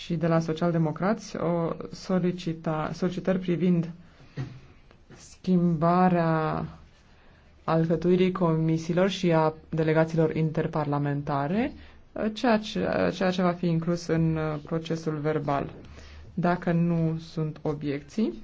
și de la socialdemocrați o solicita, solicitări privind schimbarea alcătuirii comisiilor și a delegațiilor interparlamentare, ceea ce, ceea ce va fi inclus în procesul verbal. Dacă nu sunt obiecții,